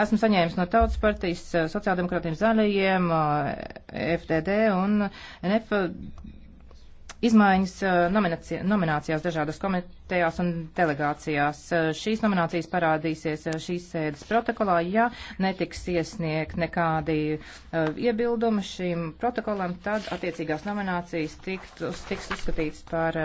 Esmu saņēmis no Tautas partijas, eh, sociāldemokrātiem zaļajiem, eh, FDD un NF izmaiņas eh, nominācijās dažādas komitejās un delegācijās. Šīs nominācijas parādīsies šīs sēdes protokolā, ja netiks iesniegt nekādi iebildumi šīm protokolam, tad attiecīgās nominācijas tiks, tiks uzskatīts par